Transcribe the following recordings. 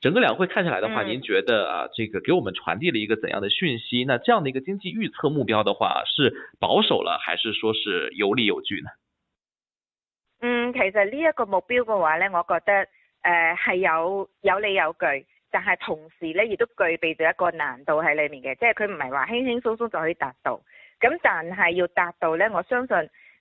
整個兩會看下來的話，您覺得啊，這個給我們傳遞了一個怎樣的訊息？那這樣的一個經濟預測目標的話，是保守了還是說是有理有據呢？嗯，其實呢，一個目標的話呢，我覺得誒係、呃、有有理有據，但係同時呢亦都具備咗一個難度喺裏面嘅，即係佢唔係話輕輕鬆鬆就可以達到，咁但係要達到呢，我相信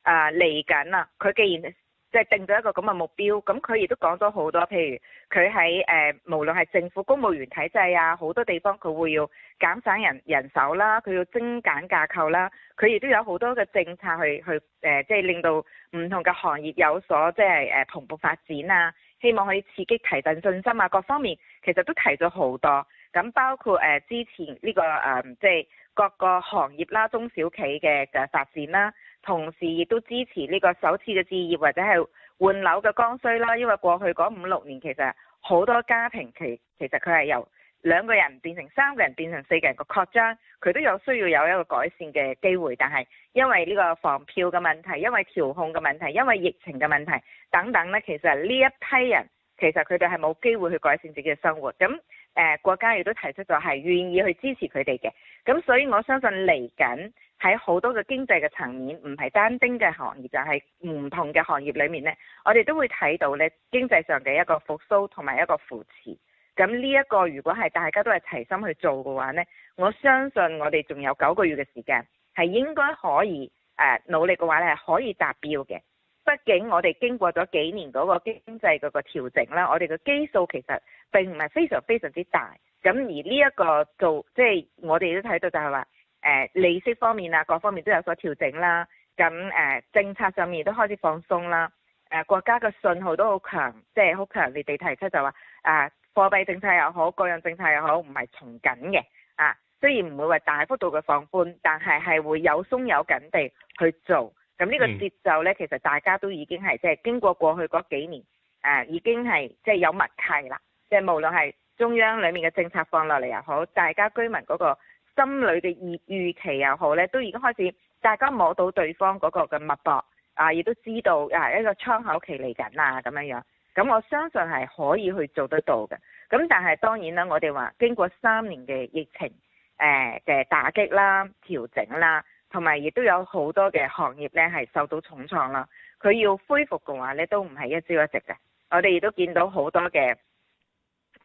啊嚟緊啊，佢、呃、既然是即係定咗一個咁嘅目標，咁佢亦都講咗好多，譬如佢喺誒無論係政府公務員體制啊，好多地方佢會要減省人人手啦，佢要精簡架構啦，佢亦都有好多嘅政策去去誒，即、呃、係、就是、令到唔同嘅行業有所即係誒同步發展啊，希望可以刺激提振信心啊，各方面其實都提咗好多，咁包括誒、呃、之前呢、呢個誒即係各個行業啦、中小企嘅嘅發展啦。同時亦都支持呢個首次嘅置業或者係換樓嘅剛需啦，因為過去嗰五六年其實好多家庭其其實佢係由兩個人變成三個人變成四個人嘅擴張，佢都有需要有一個改善嘅機會，但係因為呢個房票嘅問題，因為調控嘅問題，因為疫情嘅問題等等呢，其實呢一批人其實佢哋係冇機會去改善自己嘅生活，咁誒、呃、國家亦都提出咗係願意去支持佢哋嘅，咁所以我相信嚟緊。喺好多嘅經濟嘅層面，唔係單丁嘅行業，就係唔同嘅行業裏面呢，我哋都會睇到呢經濟上嘅一個復甦同埋一個扶持。咁呢一個如果係大家都係齊心去做嘅話呢，我相信我哋仲有九個月嘅時間，係應該可以誒努力嘅話係可以達標嘅。畢竟我哋經過咗幾年嗰個經濟嗰個調整啦，我哋嘅基數其實並唔係非常非常之大。咁而呢一個做即係我哋都睇到就係話。誒、呃、利息方面啊，各方面都有所調整啦。咁誒、呃、政策上面都開始放鬆啦。誒、呃、國家嘅信號都好強，即係好強烈地提出就話，誒、呃、貨幣政策又好，各樣政策又好，唔係從緊嘅。啊，雖然唔會話大幅度嘅放寬，但係係會有鬆有緊地去做。咁呢個節奏呢，其實大家都已經係即係經過過去嗰幾年，誒、啊、已經係即係有默契啦。即、就、係、是、無論係中央裏面嘅政策放落嚟又好，大家居民嗰、那個。心裏嘅預預期又好咧，都已經開始，大家摸到對方嗰個嘅脈搏，啊，亦都知道啊一個窗口期嚟緊啊，咁樣樣，咁我相信係可以去做得到嘅。咁但係當然啦，我哋話經過三年嘅疫情，誒、呃、嘅打擊啦、調整啦，同埋亦都有好多嘅行業咧係受到重創啦。佢要恢復嘅話咧，都唔係一朝一夕嘅。我哋亦都見到好多嘅。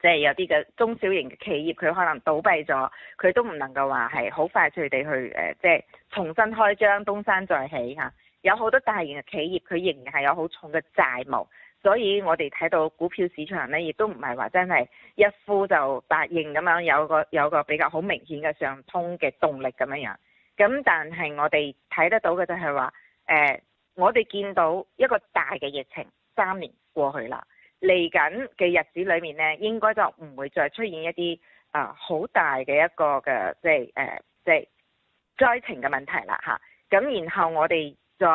即係有啲嘅中小型嘅企業，佢可能倒閉咗，佢都唔能夠話係好快脆地去誒，即係重新開張、東山再起嚇。有好多大型嘅企業，佢仍然係有好重嘅債務，所以我哋睇到股票市場咧，亦都唔係話真係一呼就百應咁樣，有個有個比較好明顯嘅上通嘅動力咁樣樣。咁但係我哋睇得到嘅就係話，誒、呃，我哋見到一個大嘅疫情三年過去啦。嚟緊嘅日子裏面呢，應該就唔會再出現一啲啊好大嘅一個嘅即係誒即係災情嘅問題啦嚇。咁然後我哋再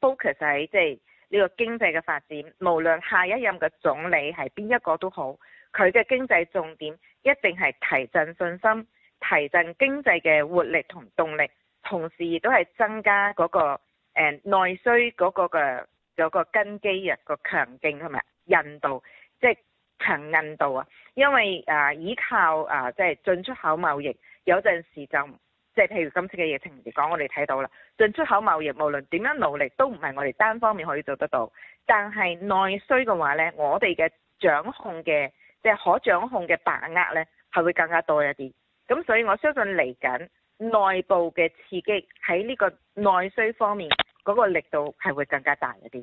focus 喺即係呢個經濟嘅發展，無論下一任嘅總理係邊一個都好，佢嘅經濟重點一定係提振信心、提振經濟嘅活力同動力，同時亦都係增加嗰個誒內需嗰個嘅嗰個根基啊個強勁係咪？印度即係、就是、強印度啊，因為、啊、依靠即係、啊就是、進出口貿易，有陣時就即係、就是、譬如今次嘅疫情嚟講，我哋睇到啦，進出口貿易無論點樣努力都唔係我哋單方面可以做得到。但係內需嘅話呢，我哋嘅掌控嘅即係可掌控嘅把握呢，係會更加多一啲。咁所以我相信嚟緊內部嘅刺激喺呢個內需方面嗰、那個力度係會更加大一啲。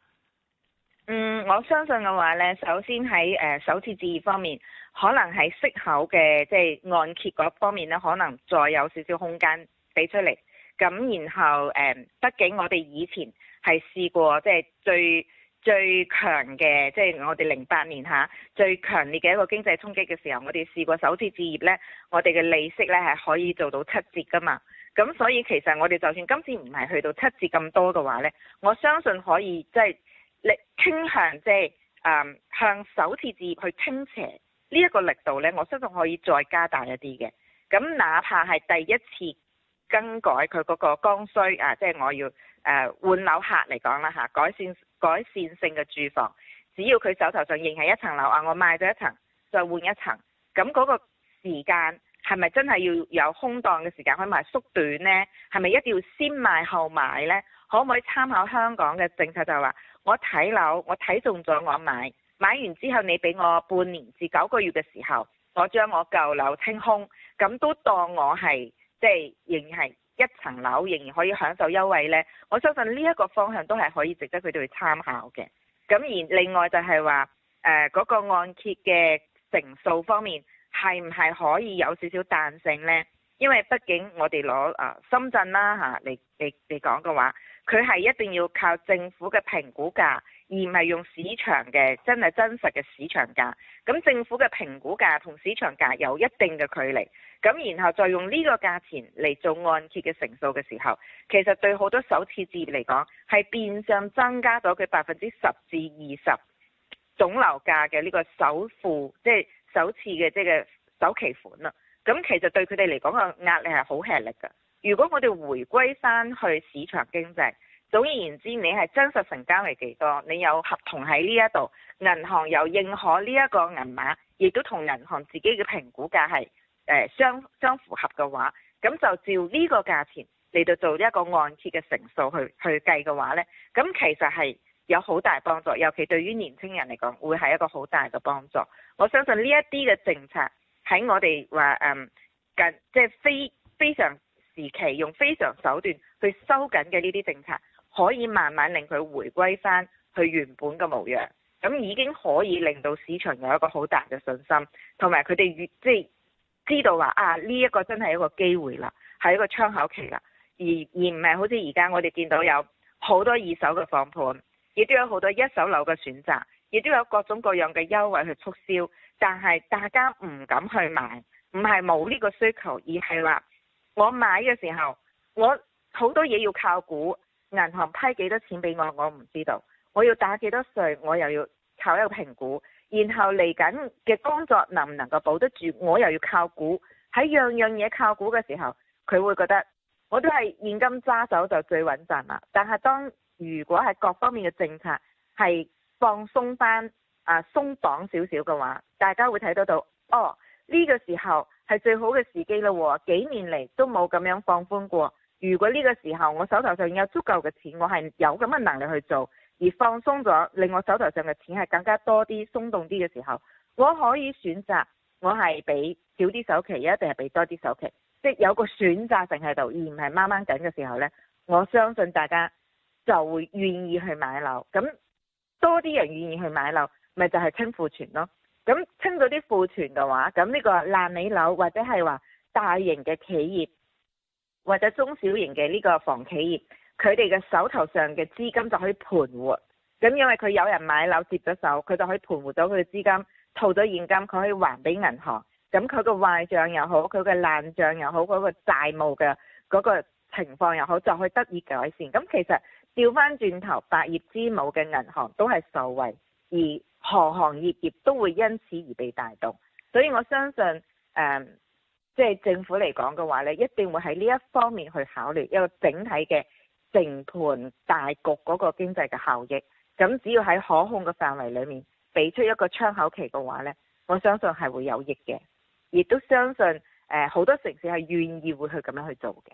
嗯，我相信嘅話呢，首先喺，誒、呃、首次置業方面，可能喺息口嘅，即係按揭嗰方面呢，可能再有少少空間俾出嚟。咁然後誒、呃，畢竟我哋以前係試過即係、就是、最最強嘅，即、就、係、是、我哋零八年吓、啊、最強烈嘅一個經濟衝擊嘅時候，我哋試過首次置業呢，我哋嘅利息呢係可以做到七折噶嘛。咁所以其實我哋就算今次唔係去到七折咁多嘅話呢，我相信可以即係。就是傾傾向即係、嗯、向首次置業去傾斜呢一個力度呢，我相信可以再加大一啲嘅。咁哪怕係第一次更改佢嗰個剛需啊，即係我要誒換樓客嚟講啦吓，改善改善性嘅住房，只要佢手頭上認係一層樓啊，我賣咗一層再換一層，咁嗰個時間係咪真係要有空檔嘅時間可以話縮短呢？係咪一定要先賣後買呢？可唔可以參考香港嘅政策？就係話，我睇樓，我睇中咗我買，買完之後你畀我半年至九個月嘅時候，我將我舊樓清空，咁都當我係即係仍然係一層樓，仍然可以享受優惠呢。我相信呢一個方向都係可以值得佢哋參考嘅。咁而另外就係話，誒嗰個按揭嘅成數方面係唔係可以有少少彈性呢？因為畢竟我哋攞啊深圳啦嚇嚟嚟講講嘅話。佢係一定要靠政府嘅評估價，而唔係用市場嘅真係真實嘅市場價。咁政府嘅評估價同市場價有一定嘅距離，咁然後再用呢個價錢嚟做按揭嘅成數嘅時候，其實對好多首次置業嚟講，係變相增加咗佢百分之十至二十總樓價嘅呢個首付，即係首次嘅即係首期款啦。咁其實對佢哋嚟講嘅壓力係好吃力㗎。如果我哋回歸返去市場經濟，總而言之，你係真實成交係幾多？你有合同喺呢一度，銀行又認可呢一個銀碼，亦都同銀行自己嘅評估價係誒相相符合嘅話，咁就照呢個價錢嚟到做一個按揭嘅成數去去計嘅話呢，咁其實係有好大幫助，尤其對於年輕人嚟講，會係一個好大嘅幫助。我相信呢一啲嘅政策喺我哋話嗯近即係非非常時期用非常手段去收緊嘅呢啲政策，可以慢慢令佢回歸翻佢原本嘅模樣，咁已經可以令到市場有一個好大嘅信心，同埋佢哋越即係知道話啊呢一個真係一個機會啦，係一個窗口期啦，而而唔係好似而家我哋見到有好多二手嘅放盤，亦都有好多一手樓嘅選擇，亦都有各種各樣嘅優惠去促銷，但係大家唔敢去買，唔係冇呢個需求，而係話。我買嘅時候，我好多嘢要靠估，銀行批幾多錢俾我，我唔知道，我要打幾多稅，我又要靠一個評估，然後嚟緊嘅工作能唔能夠保得住，我又要靠估，喺樣樣嘢靠估嘅時候，佢會覺得我都係現金揸手就最穩陣啦。但係當如果係各方面嘅政策係放鬆翻啊，鬆綁少少嘅話，大家會睇得到哦，呢個時候。係最好嘅時機咯，幾年嚟都冇咁樣放寬過。如果呢個時候我手頭上有足夠嘅錢，我係有咁嘅能力去做，而放鬆咗令我手頭上嘅錢係更加多啲鬆動啲嘅時候，我可以選擇我係俾少啲首期，一定係俾多啲首期，即係有個選擇性喺度，而唔係掹掹緊嘅時候呢，我相信大家就會願意去買樓。咁多啲人願意去買樓，咪就係清庫存咯。咁清咗啲庫存嘅話，咁呢個爛尾樓或者係話大型嘅企業或者中小型嘅呢個房企業，佢哋嘅手頭上嘅資金就可以盤活。咁因為佢有人買樓接咗手，佢就可以盤活咗佢嘅資金，套咗現金，佢可以還俾銀行。咁佢個壞帳又好，佢個爛帳又好，佢個債務嘅嗰個情況又好，就可以得以改善。咁其實調返轉頭，百業之母嘅銀行都係受惠而。行行業業都會因此而被帶動，所以我相信，誒、嗯，即、就、係、是、政府嚟講嘅話呢，一定會喺呢一方面去考慮一個整體嘅成盤大局嗰個經濟嘅效益。咁只要喺可控嘅範圍裏面俾出一個窗口期嘅話呢，我相信係會有益嘅，亦都相信誒好、呃、多城市係願意會去咁樣去做嘅。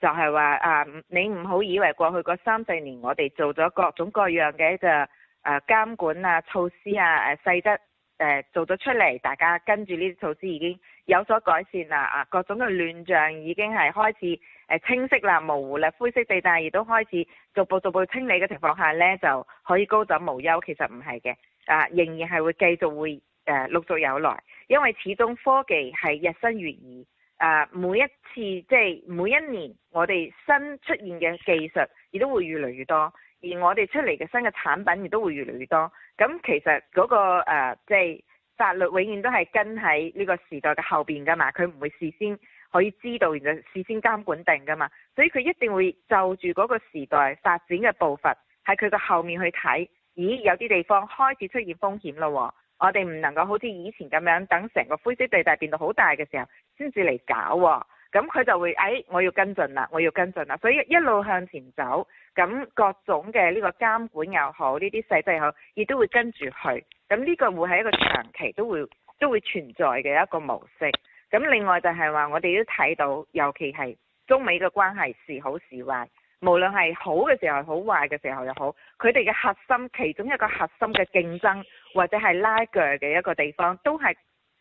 就係話啊，你唔好以為過去嗰三四年我哋做咗各種各樣嘅一隻誒監管啊措施啊誒細則，誒做咗出嚟，大家跟住呢啲措施已經有所改善啦啊，各種嘅亂象已經係開始誒清晰啦，模糊啦，灰色地帶，亦都開始逐步逐步清理嘅情況下呢，就可以高枕無憂。其實唔係嘅啊，仍然係會繼續會誒陸續有來，因為始終科技係日新月異。誒、啊，每一次即係每一年，我哋新出現嘅技術，亦都會越嚟越多，而我哋出嚟嘅新嘅產品，亦都會越嚟越多。咁其實嗰、那個誒、啊，即係法律永遠都係跟喺呢個時代嘅後邊噶嘛，佢唔會事先可以知道，然後事先監管定噶嘛。所以佢一定會就住嗰個時代發展嘅步伐，喺佢個後面去睇，咦，有啲地方開始出現風險啦喎。我哋唔能夠好似以前咁樣等成個灰色地帶變到好大嘅時候先至嚟搞、啊，咁佢就會誒我要跟進啦，我要跟進啦，所以一路向前走，咁各種嘅呢個監管又好，呢啲細則又好，亦都會跟住去，咁呢個會係一個長期都會都會存在嘅一個模式。咁另外就係話，我哋都睇到，尤其係中美嘅關係時好時壞。無論係好嘅時候，好壞嘅時候又好，佢哋嘅核心其中一個核心嘅競爭或者係拉鋸嘅一個地方，都係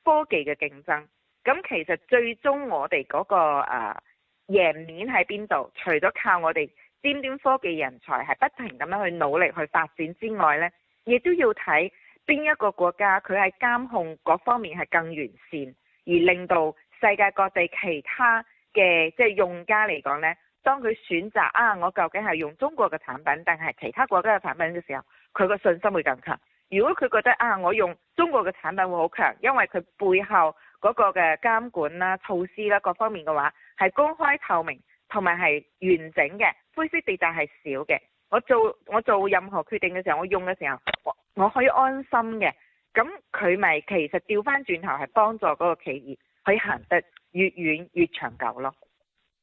科技嘅競爭。咁其實最終我哋嗰、嗰個誒、啊、贏面喺邊度？除咗靠我哋尖端科技人才係不停咁樣去努力去發展之外呢，亦都要睇邊一個國家佢喺監控各方面係更完善，而令到世界各地其他嘅即係用家嚟講呢。當佢選擇啊，我究竟係用中國嘅產品定係其他國家嘅產品嘅時候，佢個信心會更強。如果佢覺得啊，我用中國嘅產品會好強，因為佢背後嗰個嘅監管啦、啊、措施啦、啊、各方面嘅話係公開透明同埋係完整嘅，灰色地帶係少嘅。我做我做任何決定嘅時候，我用嘅時候我，我可以安心嘅。咁佢咪其實調翻轉頭係幫助嗰個企業可以行得越遠越長久咯。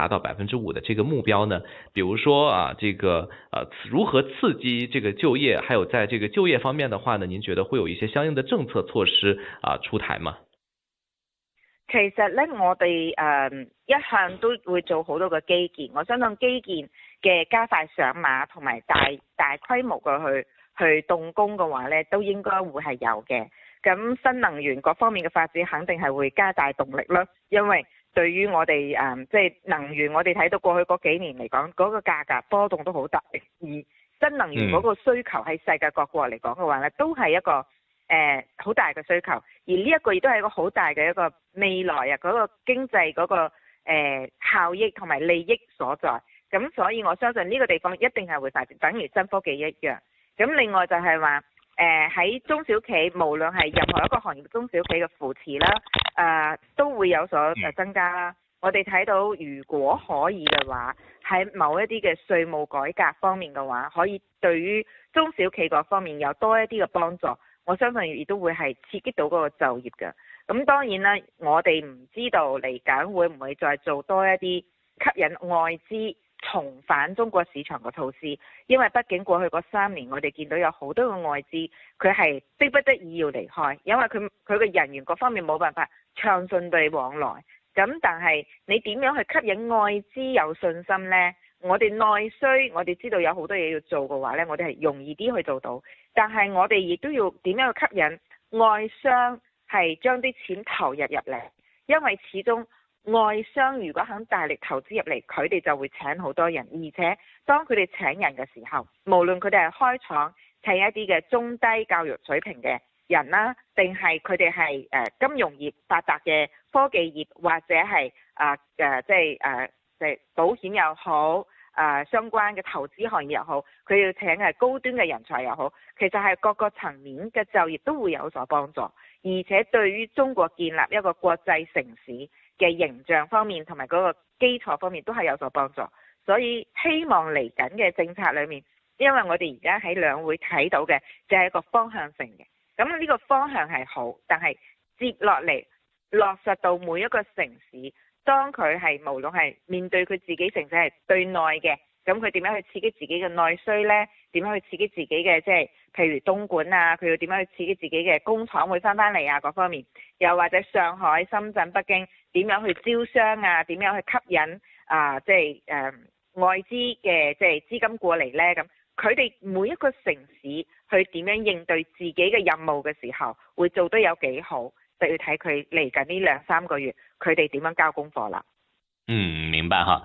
達到百分之五的這個目標呢？比如說啊，這個呃，如何刺激這個就業？還有在這個就業方面的話呢，您覺得會有一些相應的政策措施啊、呃、出台嗎？其實呢，我哋誒、呃、一向都會做好多個基建，我相信基建嘅加快上馬同埋大大規模嘅去去動工嘅話呢，都應該會係有嘅。咁新能源各方面嘅發展肯定係會加大動力咯，因為，對於我哋誒，即係能源，我哋睇到過去嗰幾年嚟講，嗰個價格波動都好大。而新能源嗰個需求喺世界各國嚟講嘅話呢都係一個誒好大嘅需求。而呢一個亦都係一個好大嘅一個未來啊，嗰個經濟嗰個誒效益同埋利益所在。咁所以我相信呢個地方一定係會發展，等於新科技一樣。咁另外就係話誒喺中小企，無論係任何一個行業，中小企嘅扶持啦。誒、啊、都會有所增加啦。我哋睇到，如果可以嘅話，喺某一啲嘅稅務改革方面嘅話，可以對於中小企業方面有多一啲嘅幫助。我相信亦都會係刺激到嗰個就業嘅。咁當然啦，我哋唔知道嚟緊會唔會再做多一啲吸引外資重返中國市場個措施，因為畢竟過去嗰三年我哋見到有好多個外資，佢係逼不得已要離開，因為佢佢嘅人員各方面冇辦法暢順地往來。咁但係你點樣去吸引外資有信心呢？我哋內需我哋知道有好多嘢要做嘅話呢，我哋係容易啲去做到。但係我哋亦都要點樣去吸引外商係將啲錢投入入嚟，因為始終。外商如果肯大力投資入嚟，佢哋就會請好多人。而且當佢哋請人嘅時候，無論佢哋係開廠請一啲嘅中低教育水平嘅人啦，定係佢哋係誒金融業發達嘅科技業，或者係啊誒即係保險又好，誒相關嘅投資行業又好，佢要請係高端嘅人才又好，其實係各個層面嘅就業都會有所幫助，而且對於中國建立一個國際城市嘅形象方面同埋嗰個基礎方面都係有所幫助，所以希望嚟緊嘅政策裏面，因為我哋而家喺兩會睇到嘅就係一個方向性嘅，咁呢個方向係好，但係接落嚟落實到每一個城市，當佢係無論係面對佢自己城市係對內嘅。咁佢點樣去刺激自己嘅內需呢？點樣去刺激自己嘅即係譬如東莞啊，佢要點樣去刺激自己嘅工廠會翻翻嚟啊？各方面，又或者上海、深圳、北京點樣去招商啊？點樣去吸引啊、呃？即係誒、呃、外資嘅即係資金過嚟呢？咁佢哋每一個城市去點樣應對自己嘅任務嘅時候，會做得有幾好，就要睇佢嚟緊呢兩三個月，佢哋點樣交功課啦。嗯，明白哈。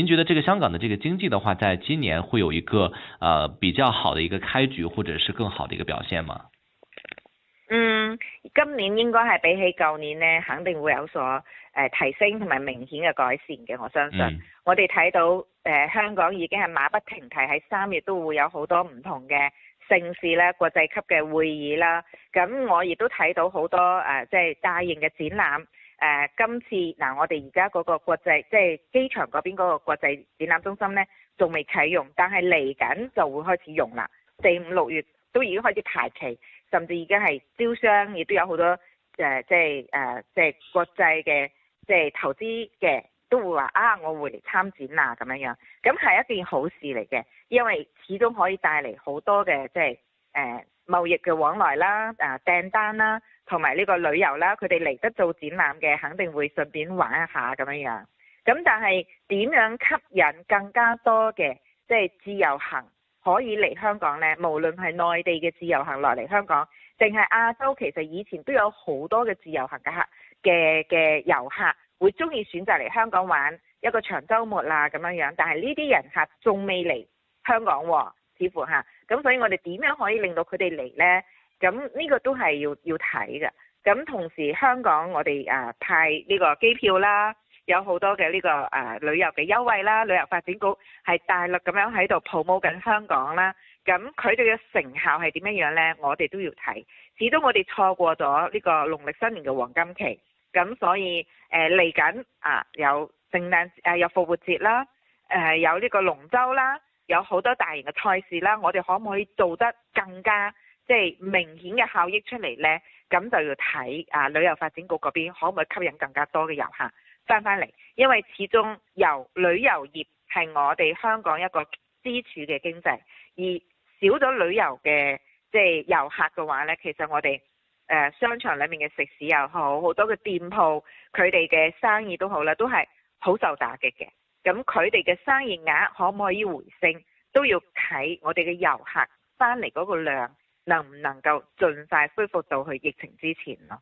您覺得這個香港的這個經濟的話，在今年會有一個呃比較好的一個開局，或者是更好的一個表現嗎？嗯，今年應該係比起舊年呢，肯定會有所誒、呃、提升同埋明顯嘅改善嘅。我相信，嗯、我哋睇到誒、呃、香港已經係馬不停蹄喺三月都會有好多唔同嘅盛事啦，國際級嘅會議啦，咁我亦都睇到好多誒即係大型嘅展覽。誒、呃，今次嗱、呃，我哋而家嗰個國際即係機場嗰邊嗰個國際展覽中心呢，仲未啟用，但係嚟緊就會開始用啦。四五六月都已經開始排期，甚至已經係招商、商，亦都有好多誒、呃，即係誒、呃，即係國際嘅，即係投資嘅，都會話啊，我會嚟參展啦咁樣樣。咁係一件好事嚟嘅，因為始終可以帶嚟好多嘅，即係誒、呃、貿易嘅往來啦，啊訂單啦。啊同埋呢個旅遊啦，佢哋嚟得做展覽嘅，肯定會順便玩一下咁樣樣。咁但係點樣吸引更加多嘅即係自由行可以嚟香港呢？無論係內地嘅自由行落嚟香港，定係亞洲其實以前都有好多嘅自由行嘅客嘅嘅遊客會中意選擇嚟香港玩一個長週末啦咁樣樣。但係呢啲人客仲未嚟香港喎，似乎吓。咁所以我哋點樣可以令到佢哋嚟呢？咁呢個都係要要睇㗎。咁同時香港我哋誒、啊、派呢個機票啦，有好多嘅呢個誒、啊、旅遊嘅優惠啦，旅遊發展局係大陸咁樣喺度 promo 緊香港啦。咁佢哋嘅成效係點樣樣呢？我哋都要睇。始終我哋錯過咗呢個農曆新年嘅黃金期，咁所以誒嚟緊啊，啊有聖誕誒、啊、有復活節啦，誒、啊、有呢個龍舟啦，有好多大型嘅賽事啦，我哋可唔可以做得更加？即係明顯嘅效益出嚟咧，咁就要睇啊旅遊發展局嗰邊可唔可以吸引更加多嘅遊客翻翻嚟，因為始終由旅遊業係我哋香港一個支柱嘅經濟，而少咗旅遊嘅即係遊客嘅話咧，其實我哋誒商場裏面嘅食肆又好，好多嘅店鋪佢哋嘅生意都好啦，都係好受打擊嘅。咁佢哋嘅生意額可唔可以回升，都要睇我哋嘅遊客翻嚟嗰個量。能唔能夠盡快恢復到去疫情之前咯？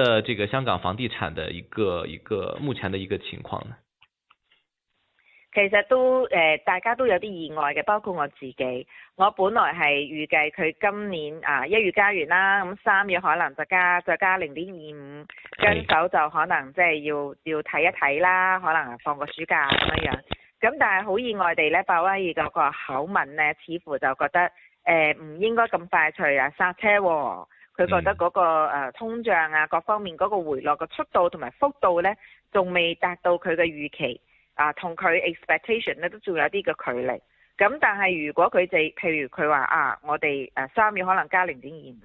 這個香港房地產的一個一個目前的一個情況呢？其實都誒、呃，大家都有啲意外嘅，包括我自己。我本來係預計佢今年啊一月加完啦，咁三月可能就加再加零點二五，跟手就可能即係要要睇一睇啦，可能放個暑假咁樣。咁但係好意外地呢，鮑威爾嗰個口吻呢，似乎就覺得誒唔、呃、應該咁快除啊，剎車、哦。佢、嗯、覺得嗰個通脹啊，各方面嗰個回落嘅速度同埋幅度呢，仲未達到佢嘅預期啊，同佢 expectation 呢，都仲有啲嘅距離。咁但係如果佢哋，譬如佢話啊，我哋三月可能加零點二五，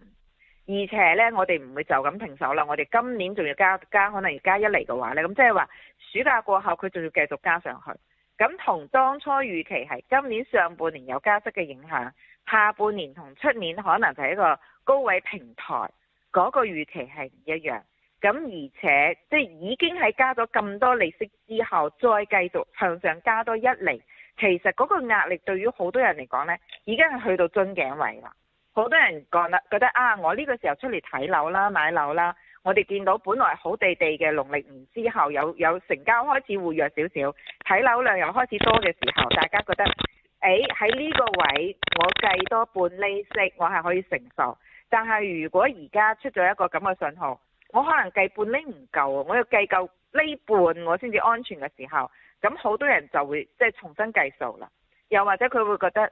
而且呢，我哋唔會就咁停手啦，我哋今年仲要加加，可能要加一厘嘅話呢。咁即係話暑假過後佢仲要繼續加上去。咁同當初預期係今年上半年有加息嘅影響，下半年同出年可能就係一個高位平台，嗰個預期係唔一樣。咁而且即係已經係加咗咁多利息之後，再繼續向上加多一厘。其實嗰個壓力對於好多人嚟講呢，已經係去到樽頸位啦。好多人覺得覺得啊，我呢個時候出嚟睇樓啦，買樓啦。我哋見到本來好地地嘅農曆年之後，有有成交開始活躍少少，睇樓量又開始多嘅時候，大家覺得，誒喺呢個位我計多半厘息，我係可以承受。但係如果而家出咗一個咁嘅信號，我可能計半厘唔夠，我要計夠呢半我先至安全嘅時候，咁好多人就會即係、就是、重新計數啦。又或者佢會覺得，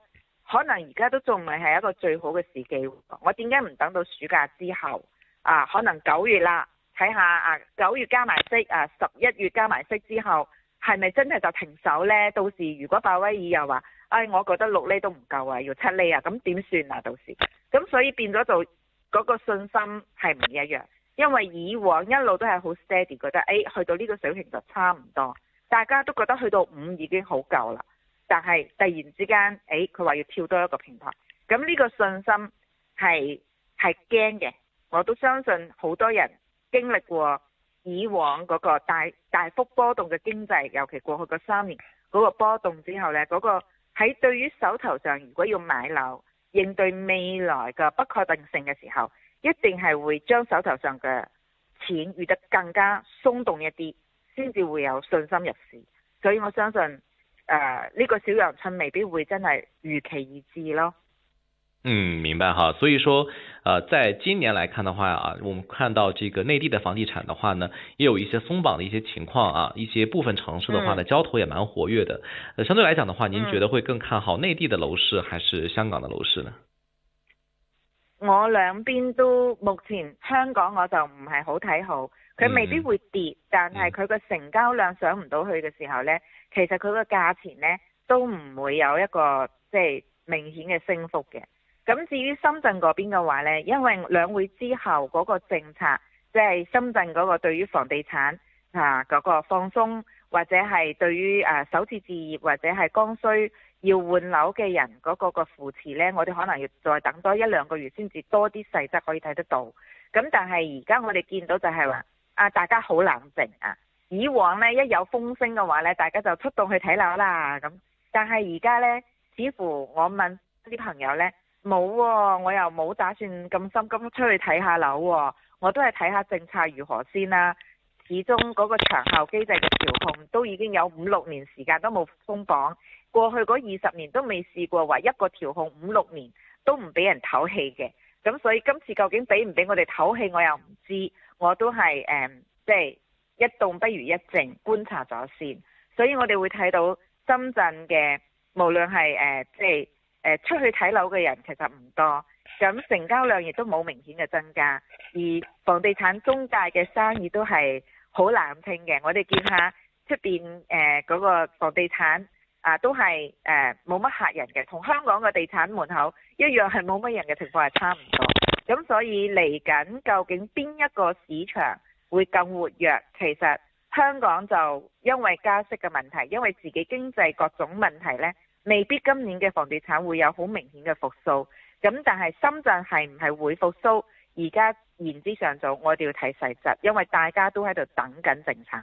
可能而家都仲未係一個最好嘅時機，我點解唔等到暑假之後？啊，可能九月啦，睇下啊，九月加埋息啊，十一月加埋息之後，係咪真係就停手呢？到時如果鮑威爾又話，哎，我覺得六厘都唔夠啊，要七厘啊，咁點算啊？到時，咁所以變咗就嗰個信心係唔一樣，因為以往一路都係好 steady，覺得誒、哎，去到呢個水平就差唔多，大家都覺得去到五已經好夠啦。但係突然之間，誒、哎，佢話要跳多一個平台，咁呢個信心係係驚嘅。我都相信好多人經歷過以往嗰個大大幅波動嘅經濟，尤其過去嗰三年嗰、那個波動之後咧，嗰、那個喺對於手頭上如果要買樓應對未來嘅不確定性嘅時候，一定係會將手頭上嘅錢預得更加鬆動一啲，先至會有信心入市。所以我相信誒呢、呃這個小陽春未必會真係如期而至咯。嗯，明白哈。所以說，呃，在今年來看的話啊，我們看到這個內地的房地產的話呢，也有一些鬆綁的一些情況啊，一些部分城市的話呢，交投、嗯、也蠻活躍的。呃、啊，相對來講的話，您覺得會更看好內地的樓市還是香港的樓市呢？我兩邊都，目前香港我就唔係好睇好，佢未必會跌，嗯、但係佢個成交量上唔到去嘅時候呢、嗯、其實佢個價錢呢都唔會有一個即係明顯嘅升幅嘅。咁至於深圳嗰邊嘅話呢，因為兩會之後嗰個政策，即係深圳嗰個對於房地產啊嗰個放鬆，或者係對於誒首次置業或者係剛需要換樓嘅人嗰個扶持呢，我哋可能要再等多一兩個月先至多啲細則可以睇得到。咁但係而家我哋見到就係話啊，大家好冷靜啊！以往呢，一有風聲嘅話呢，大家就出動去睇樓啦咁，但係而家呢，似乎我問啲朋友呢。冇喎、啊，我又冇打算咁心急出去睇下樓喎，我都係睇下政策如何先啦、啊。始終嗰個長效機制嘅調控都已經有五六年時間都冇鬆綁。過去嗰二十年都未試過話一個調控五六年都唔俾人唞氣嘅。咁所以今次究竟俾唔俾我哋唞氣，我又唔知。我都係誒，即係一動不如一靜，觀察咗先。所以我哋會睇到深圳嘅，無論係即係。呃即係出去睇樓嘅人其實唔多，咁成交量亦都冇明顯嘅增加，而房地產中介嘅生意都係好冷清嘅。我哋見下出邊嗰個房地產啊、呃，都係冇乜客人嘅，同香港嘅地產門口一樣係冇乜人嘅情況係差唔多。咁所以嚟緊究竟邊一個市場會更活躍？其實香港就因為加息嘅問題，因為自己經濟各種問題呢。未必今年嘅房地產會有好明顯嘅復甦，咁但係深圳係唔係會復甦，而家言之尚早，我哋要睇細則，因為大家都喺度等緊政策。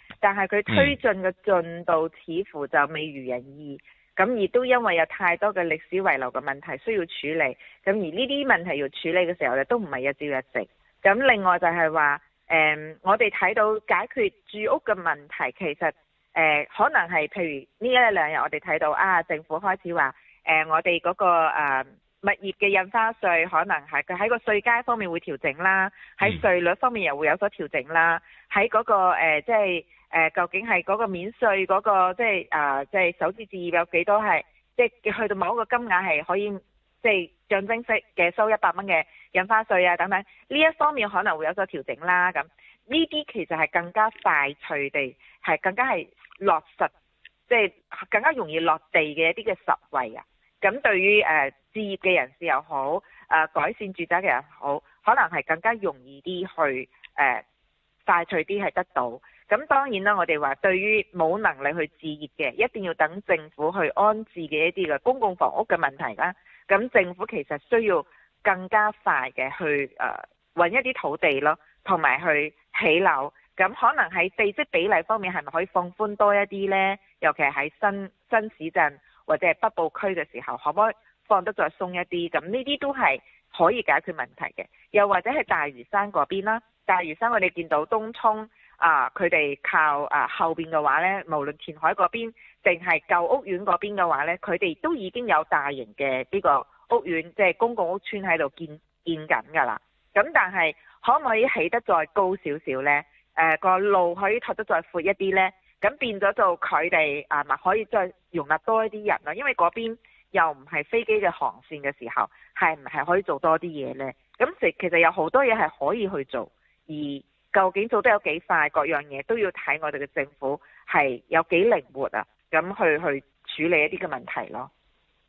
但係佢推進嘅進度似乎就未如人意，咁亦都因為有太多嘅歷史遺留嘅問題需要處理，咁而呢啲問題要處理嘅時候咧都唔係一朝一夕。咁另外就係話，誒、嗯、我哋睇到解決住屋嘅問題，其實誒、呃、可能係譬如呢一兩日我哋睇到啊，政府開始話誒、呃、我哋嗰、那個、呃、物業嘅印花稅可能係佢喺個稅階方面會調整啦，喺稅率方面又會有所調整啦，喺嗰、那個、呃、即係。誒，究竟係嗰個免稅嗰個，即係啊，即係首次置業有幾多係，即係去到某一個金額係可以，即係象徵式嘅收一百蚊嘅印花稅啊，等等呢一方面可能會有所調整啦。咁呢啲其實係更加快脆地，係更加係落實，即係更加容易落地嘅一啲嘅實惠啊。咁對於誒置業嘅人士又好，誒改善住宅嘅人好，可能係更加容易啲去，誒快脆啲係得到。咁當然啦，我哋話對於冇能力去置業嘅，一定要等政府去安置嘅一啲嘅公共房屋嘅問題啦。咁政府其實需要更加快嘅去誒搵、呃、一啲土地咯，同埋去起樓。咁可能喺地積比例方面係咪可以放寬多一啲呢？尤其係喺新新市鎮或者係北部區嘅時候，可唔可以放得再鬆一啲？咁呢啲都係可以解決問題嘅。又或者係大嶼山嗰邊啦，大嶼山我哋見到東涌。啊！佢哋靠啊後邊嘅話呢，無論前海嗰邊定係舊屋苑嗰邊嘅話呢，佢哋都已經有大型嘅呢個屋苑，即係公共屋邨喺度建建緊㗎喇。咁但係可唔可以起得再高少少呢？誒，啊，個路可以拓得再闊一啲呢？咁變咗做佢哋啊，咪可以再容納多一啲人啦。因為嗰邊又唔係飛機嘅航線嘅時候，係唔係可以做多啲嘢呢？咁其實有好多嘢係可以去做，而究竟做得有幾快？各樣嘢都要睇我哋嘅政府係有幾靈活啊，咁去去處理一啲嘅問題囉。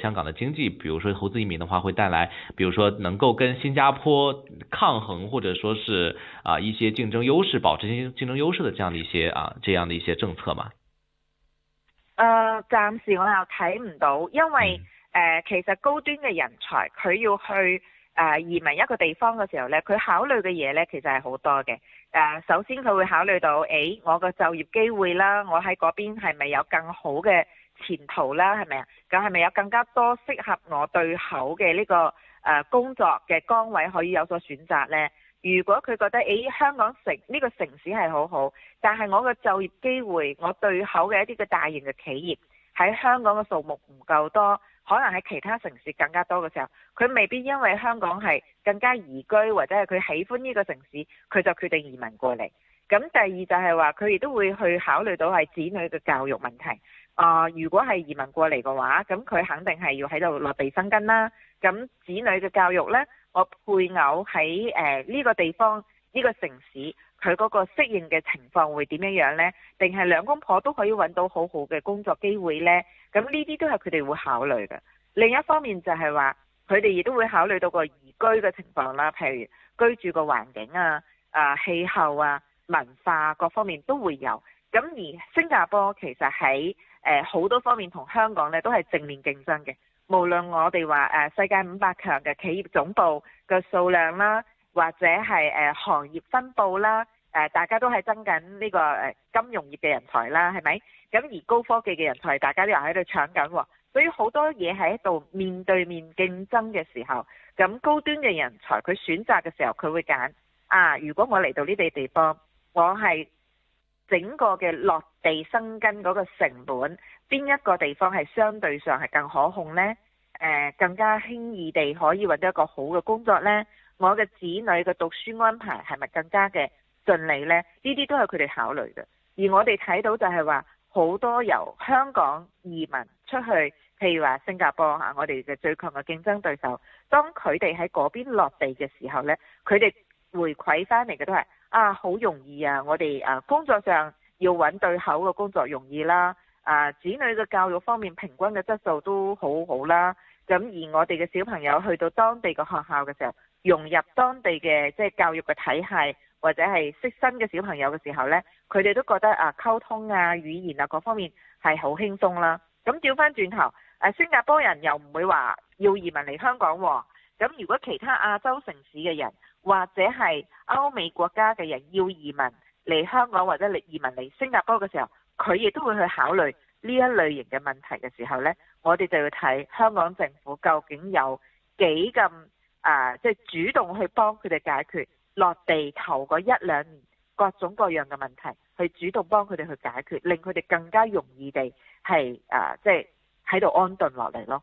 香港的經濟，比如說投資移民的話，會帶來，比如說能夠跟新加坡抗衡，或者說是啊一些競爭優勢、保持競爭競爭優勢的這樣的一些啊這樣的一些政策嘛。誒、呃，暫時我又睇唔到，因為誒、呃、其實高端嘅人才佢要去誒、呃、移民一個地方嘅時候咧，佢考慮嘅嘢咧其實係好多嘅。誒、呃，首先佢會考慮到，誒我嘅就業機會啦，我喺嗰邊係咪有更好嘅？前途啦，係咪啊？咁係咪有更加多適合我對口嘅呢個誒工作嘅崗位可以有所選擇呢？如果佢覺得誒、欸、香港城呢個城市係好好，但係我個就業機會我對口嘅一啲嘅大型嘅企業喺香港嘅數目唔夠多，可能喺其他城市更加多嘅時候，佢未必因為香港係更加宜居或者係佢喜歡呢個城市，佢就決定移民過嚟。咁第二就係話，佢亦都會去考慮到係子女嘅教育問題。啊、呃！如果係移民過嚟嘅話，咁佢肯定係要喺度落地生根啦。咁子女嘅教育呢，我配偶喺誒呢個地方呢、呢個城市，佢嗰個適應嘅情況會點樣樣呢？定係兩公婆都可以揾到很好好嘅工作機會呢？咁呢啲都係佢哋會考慮嘅。另一方面就係話，佢哋亦都會考慮到個移居嘅情況啦，譬如居住個環境啊、啊、呃、氣候啊、文化、啊、各方面都會有。咁而新加坡其實喺誒好、呃、多方面同香港咧都係正面競爭嘅，無論我哋話、啊、世界五百強嘅企業總部嘅數量啦，或者係、啊、行業分佈啦、啊，大家都係爭緊呢個、啊、金融業嘅人才啦，係咪？咁而高科技嘅人才，大家都又喺度搶緊，所以好多嘢喺度面對面競爭嘅時候，咁高端嘅人才佢選擇嘅時候佢會揀啊！如果我嚟到呢地地方，我係。整個嘅落地生根嗰個成本，邊一個地方係相對上係更可控呢？呃，更加輕易地可以揾到一個好嘅工作呢？我嘅子女嘅讀書安排係咪更加嘅順利呢？呢啲都係佢哋考慮嘅。而我哋睇到就係話，好多由香港移民出去，譬如話新加坡嚇，我哋嘅最強嘅競爭對手。當佢哋喺嗰邊落地嘅時候呢，佢哋回饋翻嚟嘅都係。啊，好容易啊！我哋啊工作上要揾對口嘅工作容易啦，啊，啊子女嘅教育方面平均嘅質素都好好，啊、啦。咁而我哋嘅小朋友去到當地嘅學校嘅時候，融入當地嘅即係教育嘅體系，或者係識新嘅小朋友嘅時候呢，佢哋都覺得啊溝通啊語言啊各方面係好輕鬆啦。咁調翻轉頭，誒、啊、新加坡人又唔會話要移民嚟香港喎，啊。咁如果其他亞洲城市嘅人或者係歐美國家嘅人要移民嚟香港或者嚟移民嚟新加坡嘅時候，佢亦都會去考慮呢一類型嘅問題嘅時候呢，我哋就要睇香港政府究竟有幾咁啊，即係主動去幫佢哋解決落地頭嗰一兩年各種各樣嘅問題，去主動幫佢哋去解決，令佢哋更加容易地係啊，即係喺度安頓落嚟咯。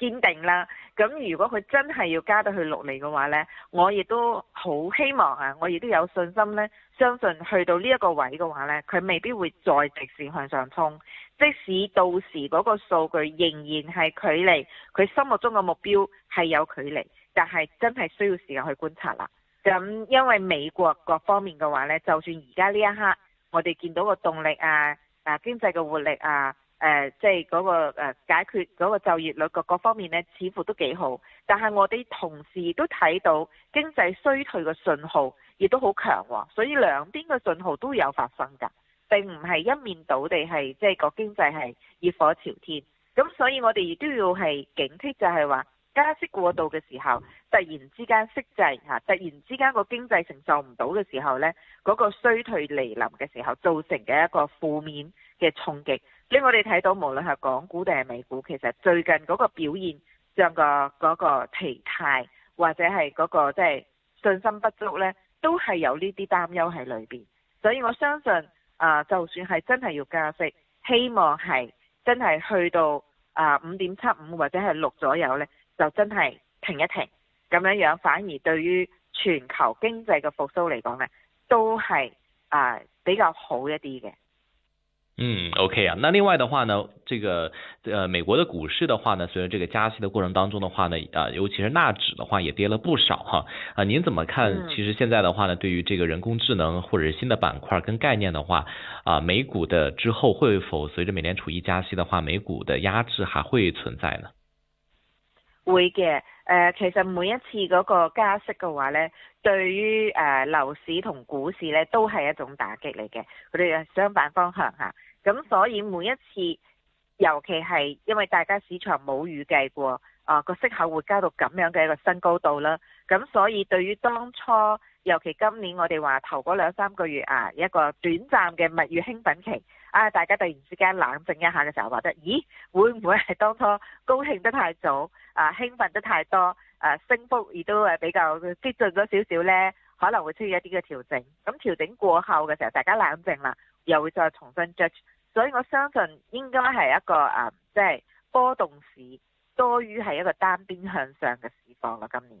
堅定啦，咁如果佢真係要加到去六厘嘅話呢，我亦都好希望啊，我亦都有信心呢，相信去到呢一個位嘅話呢，佢未必會再直線向上衝。即使到時嗰個數據仍然係距離佢心目中嘅目標係有距離，但係真係需要時間去觀察啦。咁因為美國各方面嘅話呢，就算而家呢一刻，我哋見到個動力啊，啊經濟嘅活力啊。誒，即係嗰個誒，解決嗰個就業率各各方面呢，似乎都幾好。但係我哋同時都睇到經濟衰退嘅信號，亦都好強。哦，所以兩邊嘅信號都有發生噶，並唔係一面倒地係即係個經濟係熱火朝天。咁所以我哋亦都要係警惕就，就係話。加息過度嘅時候，突然之間息滯吓，突然之間個經濟承受唔到嘅時候呢嗰、那個衰退嚟臨嘅時候造成嘅一個負面嘅衝擊，所以我哋睇到無論係港股定係美股，其實最近嗰個表現將、那個嗰、那個疲態或者係嗰、那個即係、就是、信心不足呢都係有呢啲擔憂喺裏面。所以我相信啊、呃，就算係真係要加息，希望係真係去到啊五點七五或者係六左右呢。就真係停一停咁樣樣，反而對於全球經濟嘅復甦嚟講呢，都係啊、呃、比較好一啲嘅。嗯，OK 啊。那另外的話呢，這個呃美國的股市的話呢，隨著這個加息嘅過程當中的話呢，啊、呃、尤其是納指的話也跌了不少哈。啊，您怎麼看？其實現在的話呢，對於這個人工智能或者新的板塊跟概念的話，啊美股的之後會否隨著美聯儲一加息的話，美股的壓制還會存在呢？會嘅，誒、呃，其實每一次嗰個加息嘅話呢，對於誒樓市同股市呢，都係一種打擊嚟嘅，佢哋係相反方向嚇。咁所以每一次，尤其係因為大家市場冇預計過，啊、呃、個息口會加到咁樣嘅一個新高度啦。咁所以對於當初，尤其今年我哋話頭嗰兩三個月啊，一個短暫嘅蜜月興奮期。啊！大家突然之間冷靜一下嘅時候，覺得，咦，會唔會係當初高興得太早，啊，興奮得太多，誒、啊，升幅亦都係比較激進咗少少呢？可能會出現一啲嘅調整。咁調整過後嘅時候，大家冷靜啦，又會再重新 judge。所以我相信應該係一個誒，即、啊、係、就是、波動市多於係一個單邊向上嘅市況咯，今年。